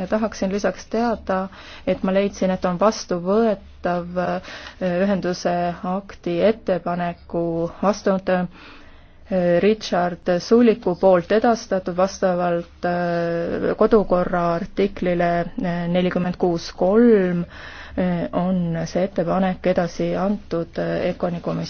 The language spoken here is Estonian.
ja tahaksin lisaks teada, et ma leidsin, et on vastuvõetav äh, ühenduse akti ettepaneku vastunud äh, Richard Suuliku poolt edastatud vastavalt äh, kodukorra artiklile nelikümmend kuus kolm on see ettepanek edasi antud EKONi komisjonile.